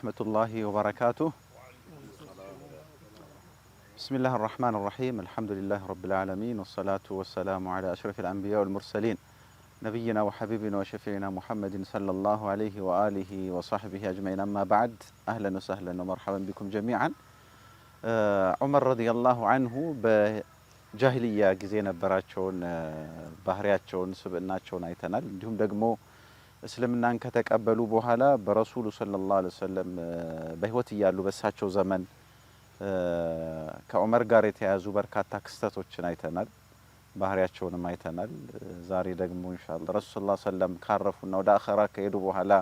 ورحمة الله وبركاته بسم الله الرحمن الرحيم الحمد لله رب العالمين والصلاة والسلام على أشرف الأنبياء والمرسلين نبينا وحبيبنا وشفيعنا محمد صلى الله عليه وآله وصحبه أجمعين أما بعد أهلا وسهلا ومرحبا بكم جميعا آه، عمر رضي الله عنه በጃሂልያ ጊዜ براتشون آه، ባህሪያቸውን سبناتشون አይተናል እንዲሁም ደግሞ እስልምናን ከተቀበሉ በኋላ በረሱሉ ሰለላሁ ዐለይሂ ወሰለም በህይወት እያሉ በእሳቸው ዘመን ከዑመር ጋር የተያያዙ በርካታ ክስተቶችን አይተናል፣ ባህሪያቸውንም አይተናል። ዛሬ ደግሞ ኢንሻአላህ ረሱል ሰለላሁ ዐለይሂ ወሰለም ካረፉና ወደ አኸራ ከሄዱ በኋላ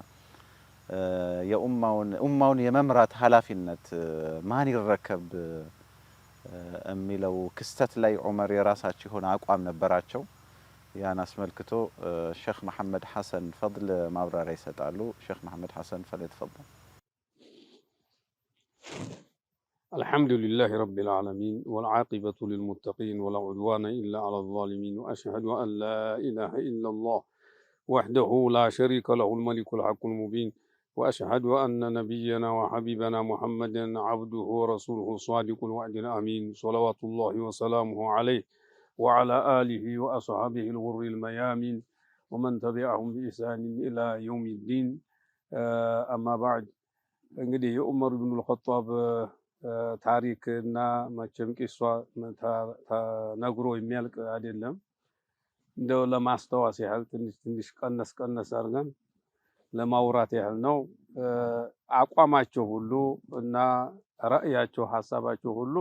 የኡማውን ኡማውን የመምራት ኃላፊነት ማን ይረከብ የሚለው ክስተት ላይ ዑመር የራሳቸው የሆነ አቋም ነበራቸው። ያን አስመልክቶ ሼክ መሐመድ ሐሰን ፈድል ማብራሪያ ይሰጣሉ። ሼክ መሐመድ ሐሰን ፈለተፈضل الحمد لله رب العالمين والعاقبة للمتقين ولا عدوان إلا على الظالمين وأشهد أن لا إله إلا الله وحده لا شريك له الملك الحق المبين وأشهد أن نبينا وحبيبنا محمدا عبده ورسوله صادق الوعد الأمين صلوات الله وسلامه عليه وعلى آله وأصحابه الغر الميامين ومن تبعهم بإحسان إلى يوم الدين أما بعد እንግዲህ የዑመር ብኑል ኸጧብ ታሪክ እና መቼም ቂሷ ተነግሮ የሚያልቅ አይደለም። እንደው ለማስታወስ ያህል ትንሽ ትንሽ ቀነስ ቀነስ አድርገን ለማውራት ያህል ነው። አቋማቸው ሁሉ እና ራእያቸው ሀሳባቸው ሁሉ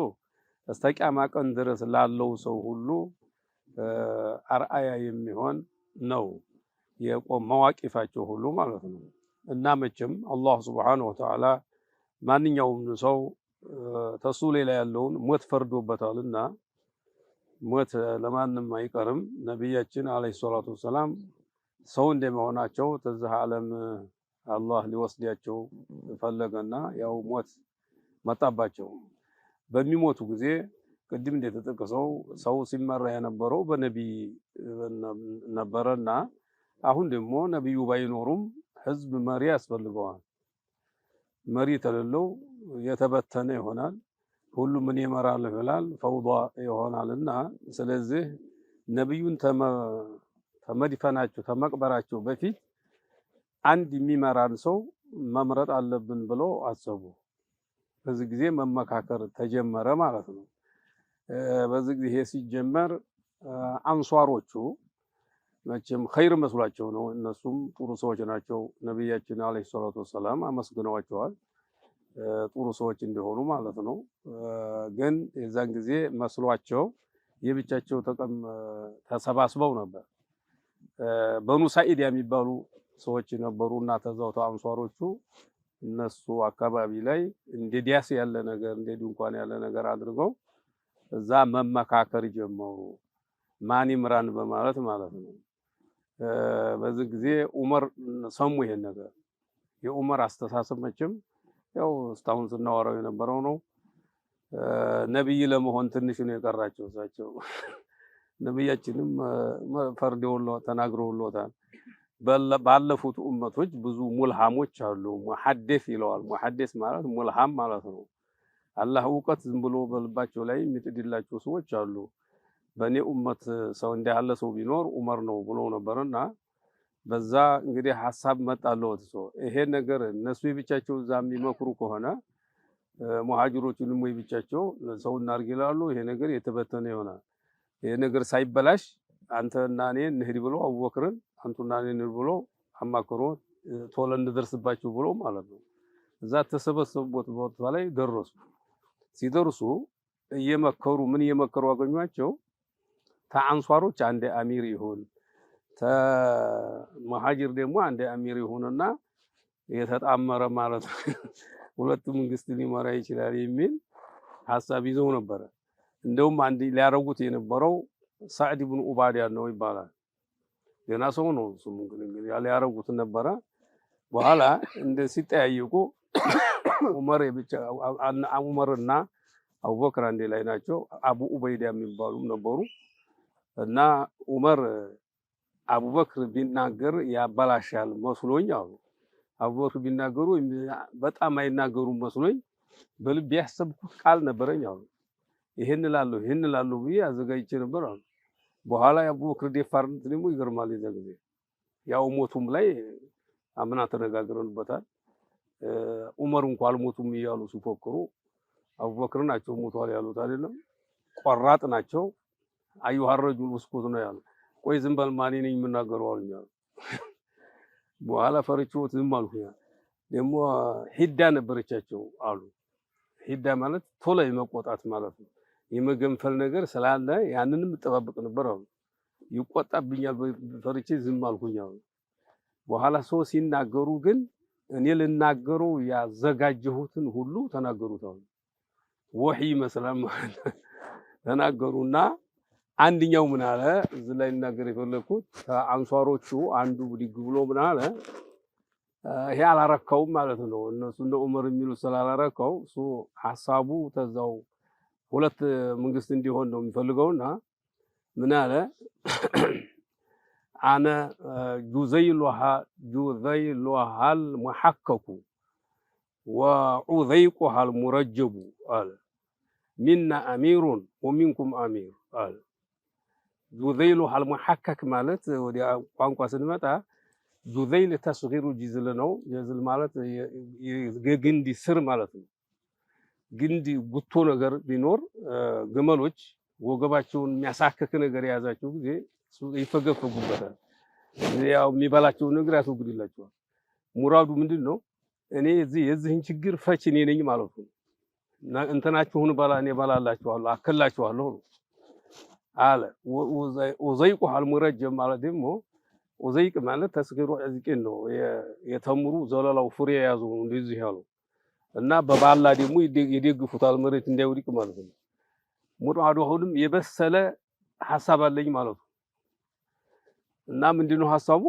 በስተቂያማ ቀን ድረስ ላለው ሰው ሁሉ አርአያ የሚሆን ነው የቆም መዋቂፋቸው ሁሉ ማለት ነው። እና መቼም አላህ ሱብሓነሁ ወተዓላ ማንኛውም ሰው ተሱ ሌላ ያለውን ሞት ፈርዶበታልና ሞት ለማንም አይቀርም። ነቢያችን አለይሂ ሰላቱ ወሰላም ሰው እንደመሆናቸው ተዚህ ዓለም አላህ ሊወስዳቸው ፈለገና ያው ሞት መጣባቸው። በሚሞቱ ጊዜ ቅድም እንደተጠቀሰው ሰው ሲመራ የነበረው በነቢይ እና አሁን ደግሞ ነቢዩ ባይኖሩም ህዝብ መሪ ያስፈልገዋል። መሪ ተለለው የተበተነ ይሆናል። ሁሉ ምን ይመራል ይላል፣ ፈውዷ እና ስለዚህ ነቢዩን ተመድፈናቸው ተመቅበራቸው በፊት አንድ የሚመራን ሰው መምረጥ አለብን ብሎ አሰቡ። በዚህ ጊዜ መመካከር ተጀመረ ማለት ነው። በዚህ ጊዜ ሲጀመር አንሷሮቹ መቼም ኸይር መስሏቸው ነው። እነሱም ጥሩ ሰዎች ናቸው። ነቢያችን አለይሂ ሰላቱ ወሰላም አመስግነዋቸዋል ጥሩ ሰዎች እንደሆኑ ማለት ነው። ግን የዛን ጊዜ መስሏቸው የብቻቸው ተሰባስበው ነበር። በኑ ሳኢድ የሚባሉ ሰዎች ነበሩ እና ተዛውተው አንሷሮቹ እነሱ አካባቢ ላይ እንደ ዲያስ ያለ ነገር እንደ ድንኳን ያለ ነገር አድርገው እዛ መመካከር ጀመሩ። ማን ይምራን በማለት ማለት ነው። በዚህ ጊዜ ዑመር ሰሙ ይሄን ነገር። የዑመር አስተሳሰብ መቼም ያው እስታሁን ስናወራው የነበረው ነው። ነብይ ለመሆን ትንሽ ነው የቀራቸው እሳቸው። ነብያችንም ፈርደውሎ ተናግረውሎታል። ባለፉት ኡመቶች ብዙ ሙልሃሞች አሉ። ሙሐደስ ይለዋል። ሙሐደስ ማለት ሙልሃም ማለት ነው። አላህ እውቀት ዝም ብሎ በልባቸው ላይ የሚጥድላቸው ሰዎች አሉ። በእኔ ኡመት ሰው እንዲህ ያለ ሰው ቢኖር ዑመር ነው ብሎ ነበርና በዛ እንግዲህ ሀሳብ መጣለት ሰው ይሄ ነገር እነሱ የብቻቸው እዛ የሚመክሩ ከሆነ ሙሃጅሮቹንም ወይ ብቻቸው ሰው እናድርግ ይላሉ። ይሄ ነገር የተበተነ ይሆናል። ይሄ ነገር ሳይበላሽ አንተና እኔ እንሂድ ብሎ አቡበክርን አንቱና እኔን ብሎ አማክሮ ቶሎ እንደደርስባችሁ ብሎ ማለት ነው። እዛ ተሰበሰቡበት ቦታ ላይ ደረሱ። ሲደርሱ እየመከሩ ምን እየመከሩ አገኟቸው። ተአንሷሮች አንድ አሚር ይሁን ተመሃጅር ደግሞ አንድ አሚር ይሁንና የተጣመረ ማለት ሁለቱ መንግስት ሊመራ ይችላል የሚል ሀሳብ ይዘው ነበረ። እንደውም አንድ ሊያረጉት የነበረው ሳዕድ ብን ኡባዳ ነው ይባላል። ሌላ ሰው ነው እሱም እንግዲህ ያለ ያረጉት ነበረ። በኋላ እንደ ሲጠያየቁ ዑመር የብቻ ዑመርና አቡበክር አንዴ ላይ ናቸው። አቡ ኡበይዳ የሚባሉም ነበሩ እና ዑመር አቡበክር ቢናገር ያበላሻል መስሎኝ አሉ። አቡበክር ቢናገሩ በጣም አይናገሩም መስሎኝ በልብ ያሰብኩት ቃል ነበረኝ አሉ። ይህን ላለሁ ይህን ላለሁ ብዬ አዘጋጅቼ ነበር አሉ በኋላ የአቡበክር ደፋርነት ደግሞ ይገርማል። የዛ ጊዜ ያው ሞቱም ላይ አምና ተነጋግረንበታል። ዑመር እንኳ አልሞቱም እያሉ ሲፎክሩ አቡበክር ናቸው ሞቷል ያሉት አይደለም። ቆራጥ ናቸው አዩ ሀረጁ ብስኩት ነው ያሉ። ቆይ ዝም በል ማኔ ነኝ የምናገረው አሉኝ። በኋላ ፈርቼዎት ዝም አልኩኝ። ደግሞ ሂዳ ነበረቻቸው አሉ። ሂዳ ማለት ቶሎ የመቆጣት ማለት ነው። የመገንፈል ነገር ስላለ ያንንም እጠባበቅ ነበር። አሁን ይቆጣብኛል ፈርቼ ዝም አልኩኝ። በኋላ ሰው ሲናገሩ ግን እኔ ልናገሩ ያዘጋጀሁትን ሁሉ ተናገሩት። አሁን ወሒ መስላም ተናገሩና አንድኛው ምን አለ እዚ ላይ ልናገር የፈለግኩት ከአንሷሮቹ አንዱ ብድግ ብሎ ምን አለ ይሄ አላረካውም ማለት ነው። እነሱ እንደ ዑመር የሚሉት ስላላረካው እሱ ሐሳቡ ተዛው ሁለት መንግስት እንዲሆን ነው የሚፈልገው ምን አለ አነ ጁዘይ ጁዘይ ሉሃ ጁዘይሉሃል ሙሐከኩ ሃል ሙረጀቡ አለ ሚና አሚሩን ወሚንኩም አሚር አለ። ጁዘይሉሃል ሙሐከክ ማለት ወዲ ቋንቋ ስንመጣ ጁዘይል ተስጊሩ ጅዝል ነው። ጅዝል ማለት የግንድ ስር ማለት ነው። ግንድ ጉቶ ነገር ቢኖር ግመሎች ወገባቸውን የሚያሳክክ ነገር የያዛቸው ጊዜ ይፈገፈጉበታል። ያው የሚበላቸውን ነገር ያስወግድላቸዋል። ሙራዱ ምንድን ነው? እኔ የዚህን ችግር ፈች እኔ ነኝ ማለት ነው። እንትናችሁን በላ እኔ በላላችኋለሁ፣ አከላችኋለሁ ነው አለ። ወዘይቁ አልሙረጀ ማለት ደግሞ ወዘይቅ ማለት ተስገሩ ዕዝቂን ነው። የተምሩ ዘለላው ፍሬ የያዙ እንደዚህ ያለው እና በባላ ደግሞ ይደግፉታል፣ መሬት እንዳይወድቅ ማለት ነው። ሙርዓዱ አሁንም የበሰለ ሀሳብ አለኝ ማለት ነው። እና ምንድነው ሀሳቡ?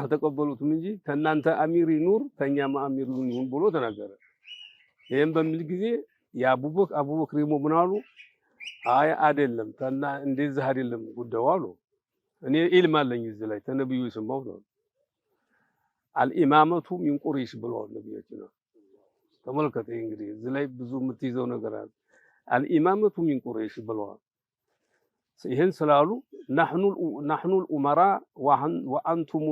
አልተቀበሉትም እንጂ ከእናንተ አሚር ይኑር ከእኛማ አሚር ይሁን ብሎ ተናገረ። ይህም በሚል ጊዜ የአቡበክር ደግሞ ምን አሉ? አይ አይደለም ከና እንደዚህ አይደለም ጉዳዩ አሉ። እኔ ኢልም አለኝ እዚህ ላይ ተነብዩ የሰማሁት ነው። አልኢማመቱ ሚን ቁረይሽ ብለዋል ነው ተመልከተ። እንግዲህ እዚህ ላይ ብዙ የምትይዘው ነገር አለ። አልኢማመቱ ሚን ቁረይሽ ብለዋል። ይህን ስላሉ ናሕኑ ልኡመራ ወአንቱም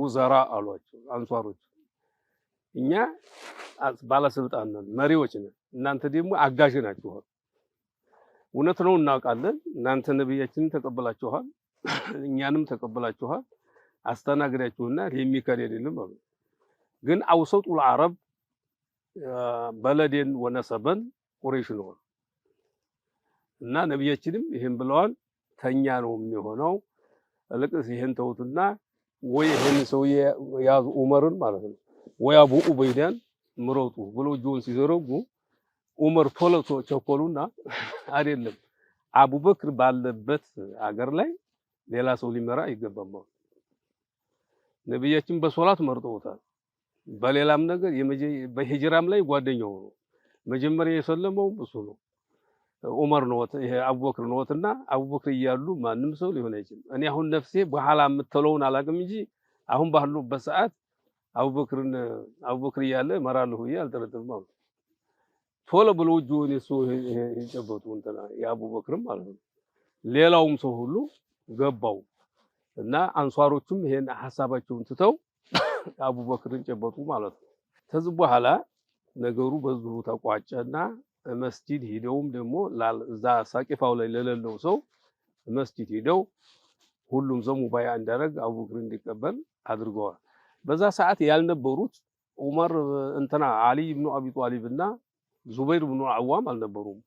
ውዘራ አሏቸው አንሷሮች። እኛ ባለስልጣን ነን፣ መሪዎች ነን፣ እናንተ ደግሞ አጋዥ ናችኋል። እውነት ነው እናውቃለን። እናንተ ነቢያችንን ተቀበላችኋል፣ እኛንም ተቀበላችኋል፣ አስተናግዳችሁና የሚከድ አይደለም አሉ። ግን አውሰጡ ለዓረብ በለዴን ወነሰበን ቁረይሽ ነው እና ነቢያችንም ይህን ብለዋል። ተኛ ነው የሚሆነው ልቅስ ይህን ተውትና ወይ ይህን ሰውዬ ያዙ ዑመርን ማለት ነው ወይ አቡ ኡበይዳን ምረጡ ብለው እጆን ሲዘረጉ ዑመር ቶለቶ ቸኮሉና አይደለም አቡበክር ባለበት አገር ላይ ሌላ ሰው ሊመራ ይገባማል። ነቢያችን በሶላት መርጠውታል። በሌላም ነገር በሂጅራም ላይ ጓደኛው ነው። መጀመሪያ የሰለመው እሱ ነው፣ ዑመር ነው፣ ይሄ አቡበክር ነው። እና አቡበክር እያሉ ማንም ሰው ሊሆን አይችልም። እኔ አሁን ነፍሴ በኋላ የምትለውን አላቅም እንጂ አሁን ባሉበት ሰዓት አቡበክርን አቡበክር እያለ እመራለሁ ብዬ አልጠረጥርም። አሁን ቶሎ ብሎ እጁን እሱ የጨበጡ እንትና የአቡበክርም ማለት ነው። ሌላውም ሰው ሁሉ ገባው እና አንሷሮቹም ይሄን ሐሳባቸውን ትተው አቡበክርን ጨበጡ ማለት ነው። ከዚህ በኋላ ነገሩ በዚሁ ተቋጨና መስጂድ ሂደውም ደግሞ እዛ ሳቂፋው ላይ ለሌለው ሰው መስጂድ ሂደው ሁሉም ሰው ሙባያ እንዳደረግ አቡበክር እንዲቀበል አድርገዋል። በዛ ሰዓት ያልነበሩት ዑመር እንትና አሊ ብኑ አቢ ጣሊብ እና ዙበይር ብኑ አዋም አልነበሩም።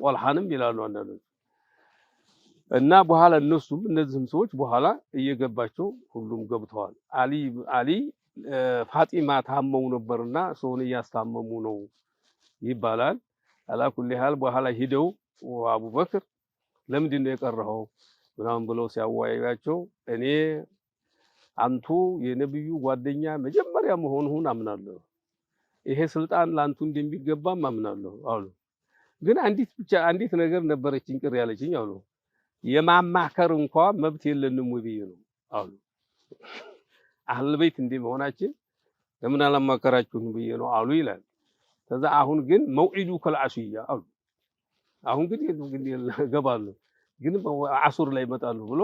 ጦልሃንም ይላሉ አንዳንዶች እና በኋላ እነሱም እነዚህም ሰዎች በኋላ እየገባቸው ሁሉም ገብተዋል። አሊ አሊ ፋጢማ ታመሙ ነበርና ሰውን እያስታመሙ ነው ይባላል። አላኩል ያህል በኋላ ሂደው አቡበክር ለምንድን ነው የቀረኸው ምናምን ብለው ሲያወያያቸው እኔ አንቱ የነብዩ ጓደኛ መጀመሪያ መሆንሁን አምናለሁ፣ ይሄ ስልጣን ለአንቱ እንደሚገባም አምናለሁ አሉ። ግን አንዲት ብቻ አንዲት ነገር ነበረችኝ ቅር ያለችኝ አሉ የማማከር እንኳ መብት የለንም ብዬ ነው አሉ። አህል ቤት እንዲህ መሆናችን ለምን አላማከራችሁን ብዬ ነው አሉ ይላል። ከዛ አሁን ግን መውዒዱ ከልዓሽያ አሉ። አሁን ግን ገባሉ ግን አሱር ላይ ይመጣሉ ብሎ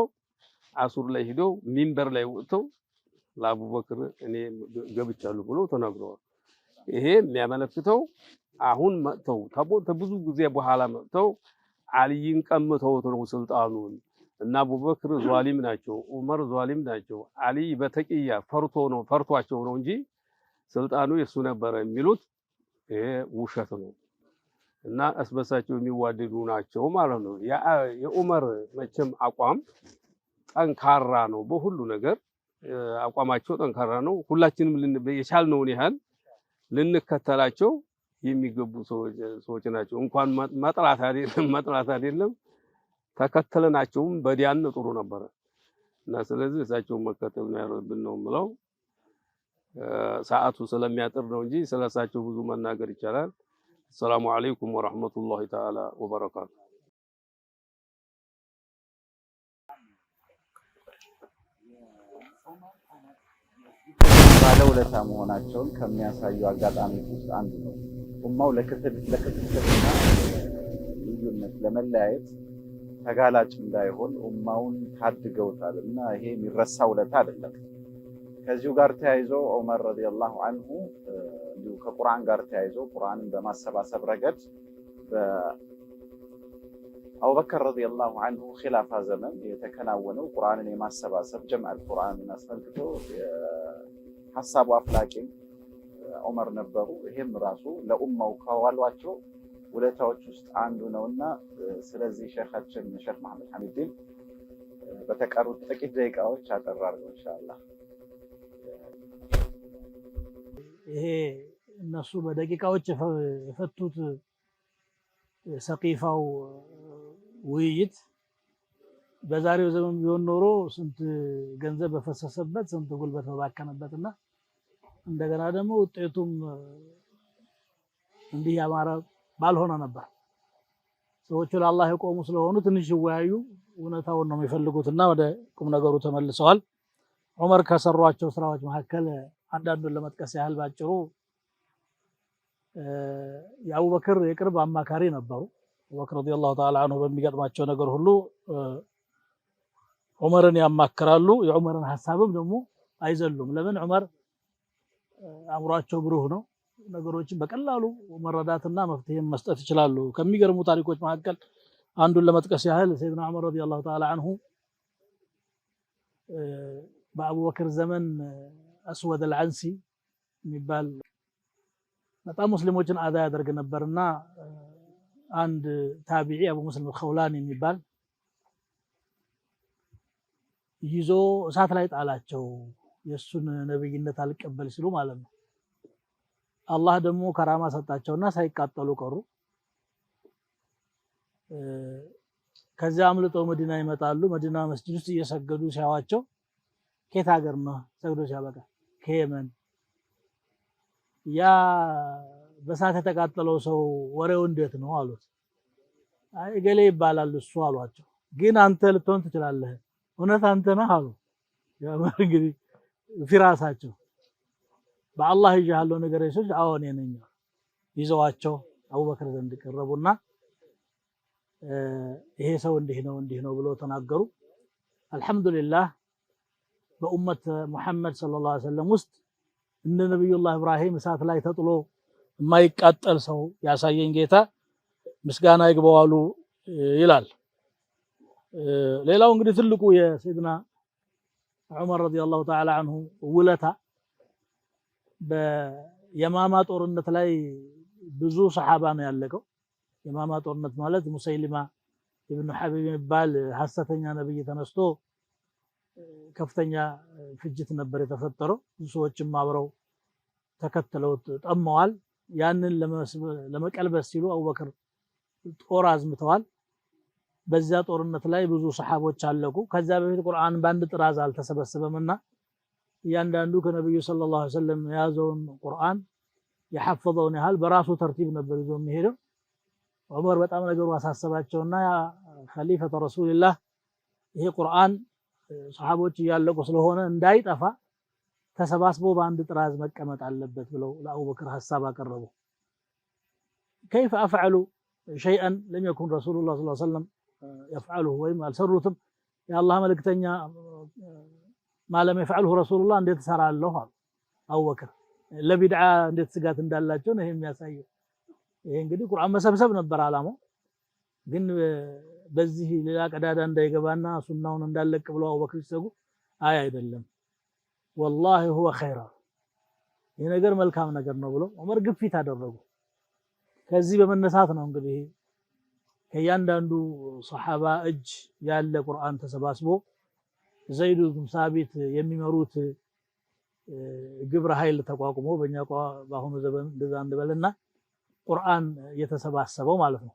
አሱር ላይ ሂደው ሚንበር ላይ ወጥተው ለአቡበክር እኔ ገብቻለሁ ብሎ ተናግረዋል። ይሄ የሚያመለክተው አሁን መጥተው ተቦ ብዙ ጊዜ በኋላ መጥተው አልይን ቀምተውት ነው ስልጣኑን እና አቡበክር ዟሊም ናቸው፣ ዑመር ዟሊም ናቸው። አሊ በተቅያ ፈርቶ ነው ፈርቷቸው ነው እንጂ ስልጣኑ የሱ ነበረ የሚሉት ይሄ ውሸት ነው እና እስበሳቸው የሚዋደዱ ናቸው ማለት ነው። የዑመር መቼም አቋም ጠንካራ ነው፣ በሁሉ ነገር አቋማቸው ጠንካራ ነው። ሁላችንም የቻልነውን ያህል ልንከተላቸው የሚገቡ ሰዎች ናቸው። እንኳን መጥላት አይደለም መጥላት አይደለም ተከተለናቸውም በዲያን ጥሩ ነበረ እና ስለዚህ እሳቸውን መከተል ነው ያለብን ነው የምለው። ሰዓቱ ስለሚያጥር ነው እንጂ ስለሳቸው ብዙ መናገር ይቻላል። አሰላሙ አለይኩም ወራህመቱላሂ ተዓላ ወበረካቱ። ባለውለታ መሆናቸውን ከሚያሳዩ አጋጣሚዎች ውስጥ አንዱ ነው። ኡማው ለክፍል ልዩነት ለመለያየት ተጋላጭ እንዳይሆን ኡማውን ታድገውታል እና ይሄ የሚረሳ ውለታ አይደለም። ከዚሁ ጋር ተያይዞ ዑመር ረዲየላሁ አንሁ እንዲሁ ከቁርአን ጋር ተያይዞ ቁርአንን በማሰባሰብ ረገድ በአቡበከር ረዲየላሁ አንሁ ኪላፋ ዘመን የተከናወነው ቁርአንን የማሰባሰብ ጀምዐል ቁርአንን አስመልክቶ ሀሳቡ አፍላቂም ዑመር ነበሩ። ይሄም ራሱ ለኡማው ከዋሏቸው ውለታዎች ውስጥ አንዱ እና ስለዚህ ሼኻችን ሸክ መሐመድ ሐሚድን በተቀሩት ጥቂት ደቂቃዎች አጠራርገው እንሻላ ይሄ እነሱ በደቂቃዎች የፈቱት ሰቂፋው ውይይት በዛሬው ዘመን ቢሆን ኖሮ ስንት ገንዘብ በፈሰሰበት ስንት ጉልበት በባከነበት እና እንደገና ደግሞ ውጤቱም እንዲህ ያማረ ባልሆነ ነበር። ሰዎቹ ለአላህ የቆሙ ስለሆኑ ትንሽ ይወያዩ እውነታውን ነው የሚፈልጉትና ወደ ቁም ነገሩ ተመልሰዋል። ዑመር ከሰሯቸው ስራዎች መካከል አንዳንዱን ለመጥቀስ ያህል ባጭሩ የአቡበክር የቅርብ አማካሪ ነበሩ። አቡበክር ረዲየላሁ ተዓላ አንሁ በሚገጥማቸው ነገር ሁሉ ዑመርን ያማክራሉ። የዑመርን ሀሳብም ደግሞ አይዘሉም። ለምን ዑመር አእምሯቸው ብሩህ ነው። ነገሮችን በቀላሉ መረዳትና መፍትሄ መስጠት ይችላሉ። ከሚገርሙ ታሪኮች መካከል አንዱን ለመጥቀስ ያህል ሰይድና ዑመር ረዲየላሁ ተዓላ አንሁ በአቡበክር ዘመን አስወድ አልዓንሲ የሚባል በጣም ሙስሊሞችን አዛ ያደርግ ነበርና አንድ ታቢዒ አቡ ሙስሊም አልኸውላኒ የሚባል ይዞ እሳት ላይ ጣላቸው። የእሱን ነብይነት አልቀበል ሲሉ ማለት ነው። አላህ ደግሞ ከራማ ሰጣቸውና ሳይቃጠሉ ቀሩ። ከዚያ አምልጠው መዲና ይመጣሉ። መዲና መስጂድ ውስጥ እየሰገዱ ሲያዋቸው ከየት ሀገር ነው ሰግዶ ሲያበቃ ከየመን ያ በሳት የተቃጠለው ሰው ወሬው እንዴት ነው አሉት። አይ ይባላል እሱ አሏቸው። ግን አንተ ልትሆን ትችላለህ፣ እውነት አንተ ነህ አሉ። እንግዲህ ፊራሳቸው በአላህ እጅ ያለው ነገር የሰች አዎን የነኛ ይዘዋቸው አቡበክር ዘንድ ቀረቡና ይሄ ሰው እንዲህ ነው እንዲህ ነው ብሎ ተናገሩ። አልሐምዱሊላህ በኡመት ሙሐመድ ሰለላሁ ዐለይሂ ወሰለም ውስጥ እንደ ነብዩላህ ኢብራሂም እሳት ላይ ተጥሎ የማይቃጠል ሰው ያሳየኝ ጌታ ምስጋና ይግባዋሉ ይላል። ሌላው እንግዲህ ትልቁ የሰይድና ዑመር ረዲየላሁ ተዓላ አንሁ ውለታ በየማማ ጦርነት ላይ ብዙ ሰሓባ ነው ያለቀው። የማማ ጦርነት ማለት ሙሰይሊማ ኢብኑ ሐቢብ የሚባል ሐሰተኛ ነብይ ተነስቶ ከፍተኛ ፍጅት ነበር የተፈጠረው። ብዙ ሰዎችም አብረው ተከትለውት ጠመዋል። ያንን ለመቀልበስ ሲሉ አቡበክር ጦር አዝምተዋል። በዛ ጦርነት ላይ ብዙ ሰሐቦች አለቁ። ከዛ በፊት ቁርአን በአንድ ጥራዝ አልተሰበሰበምና እያንዳንዱ ከነብዩ ሰለላሁ ዐለይሂ ወሰለም የያዘውን ቁርአን የሐፈዘውን ያህል በራሱ ተርቲብ ነበር ይዞ የሚሄደው። ዑመር በጣም ነገሩ አሳሰባቸውና ኸሊፈተ ረሱልላህ ይሄ ቁርአን ሰሐቦች እያለቁ ስለሆነ እንዳይጠፋ ተሰባስቦ በአንድ ጥራዝ መቀመጥ አለበት ብለው ለአቡበክር ሀሳብ አቀረቡ። ከይፈ አፍዐሉ ሸይአን ለም የኩን ረሱሉላህ ሰለላሁ ዐለይሂ ወሰለም የፍዐሉሁ ወይም አልሰሩትም የአላህ መልእክተኛ ማለም የፍዐሉሁ ረሱሉላ እንዴት እሰራለሁ አሉ አቡበክር ለቢድዓ እንዴት ስጋት እንዳላቸው ነው የሚያሳየው። ይሄ እንግዲህ ቁርአን መሰብሰብ ነበር አላማው። ግን በዚህ ሌላ ቀዳዳ እንዳይገባና ሱናውን እንዳለቅ ብለው አቡበክር ሲሰጉ አይ አይደለም ወላሂ ሁወ ኸይራ ይህ ነገር መልካም ነገር ነው ብለው ዑመር ግፊት አደረጉ። ከዚህ በመነሳት ነው እንግዲህ ከእያንዳንዱ ሰሓባ እጅ ያለ ቁርአን ተሰባስቦ ዘይዱ ብን ሳቢት የሚመሩት ግብረ ኃይል ተቋቁሞ በእኛ በአሁኑ ዘመን እንደዛ እንበልና ቁርአን የተሰባሰበው ማለት ነው።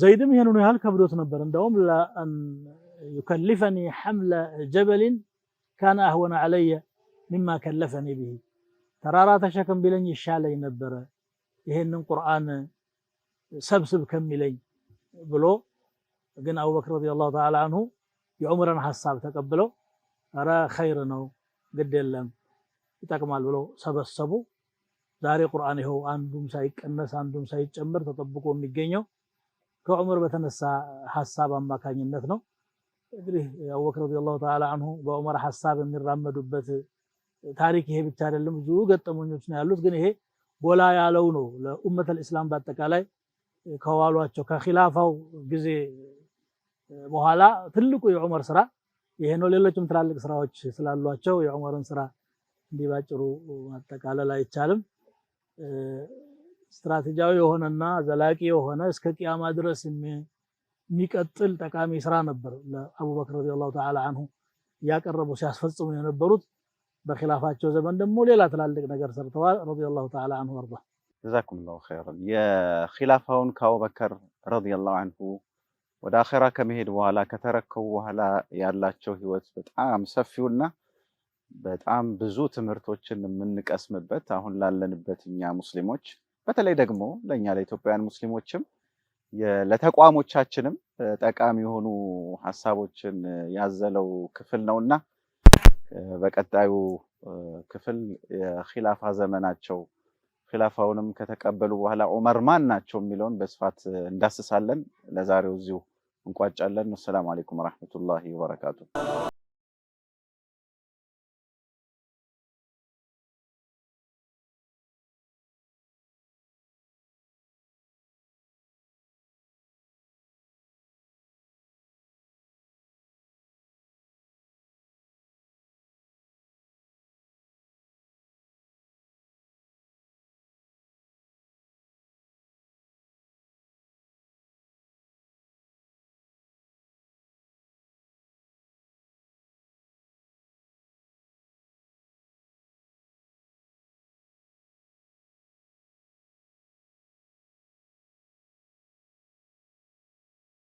ዘይድም ይሄንኑ ያህል ከብዶት ነበር። እንደውም ለአን ዩከልፈኒ ሐምለ ጀበልን ካነ አህወነ ዐለየ ሚማ ከለፈኒ ብሂ ተራራ ተሸክም ቢለኝ ይሻለኝ ነበረ ይሄንን ቁርአን ሰብስብ ከሚለኝ ብሎ ግን አቡበክር ረዲየላሁ ተዓላ አንሁ የዑምረን ሀሳብ ተቀብለው ኧረ ኸይር ነው ግድ የለም ይጠቅማል ብለው ሰበሰቡ። ዛሬ ቁርአን ይኸው አንዱም ሳይቀነስ አንዱም ሳይጨምር ተጠብቆ የሚገኘው ከዑመር በተነሳ ሀሳብ አማካኝነት ነው። እንግዲህ አቡበክር ረዲየላሁ ተዓላ አንሁ በዑመር ሀሳብ የሚራመዱበት ታሪክ ይሄ ብቻ አይደለም፣ ብዙ ገጠመኞች ነው ያሉት። ግን ይሄ ጎላ ያለው ነው ለኡመተል ኢስላም በአጠቃላይ ከዋሏቸው ከኺላፋው ጊዜ በኋላ ትልቁ የዑመር ስራ ይሄ ነው። ሌሎችም ትላልቅ ስራዎች ስላሏቸው የዑመርን ስራ እንዲህ ባጭሩ ማጠቃለል አይቻልም። ስትራቴጂያዊ የሆነና ዘላቂ የሆነ እስከ ቅያማ ድረስ የሚቀጥል ጠቃሚ ስራ ነበር ለአቡበክር ረዲየላሁ ተዓላ አንሁ እያቀረቡ ሲያስፈጽሙ የነበሩት። በኺላፋቸው ዘመን ደግሞ ሌላ ትላልቅ ነገር ሰርተዋል። ረዲየላሁ ተዓላ አንሁ አርዳ ጀዛኩም ላሁ ኸይረን። የኪላፋውን ከአቡበከር ረዲየላሁ አንሁ ወደ አኼራ ከመሄድ በኋላ ከተረከቡ በኋላ ያላቸው ህይወት በጣም ሰፊውና በጣም ብዙ ትምህርቶችን የምንቀስምበት አሁን ላለንበት እኛ ሙስሊሞች በተለይ ደግሞ ለእኛ ለኢትዮጵያውያን ሙስሊሞችም ለተቋሞቻችንም ጠቃሚ የሆኑ ሀሳቦችን ያዘለው ክፍል ነውና በቀጣዩ ክፍል የኪላፋ ዘመናቸው ክላፋውንም ከተቀበሉ በኋላ ዑመር ማን ናቸው የሚለውን በስፋት እንዳስሳለን። ለዛሬው እዚሁ እንቋጫለን። ወሰላሙ አሌይኩም ወረሕመቱላሂ ወበረካቱ።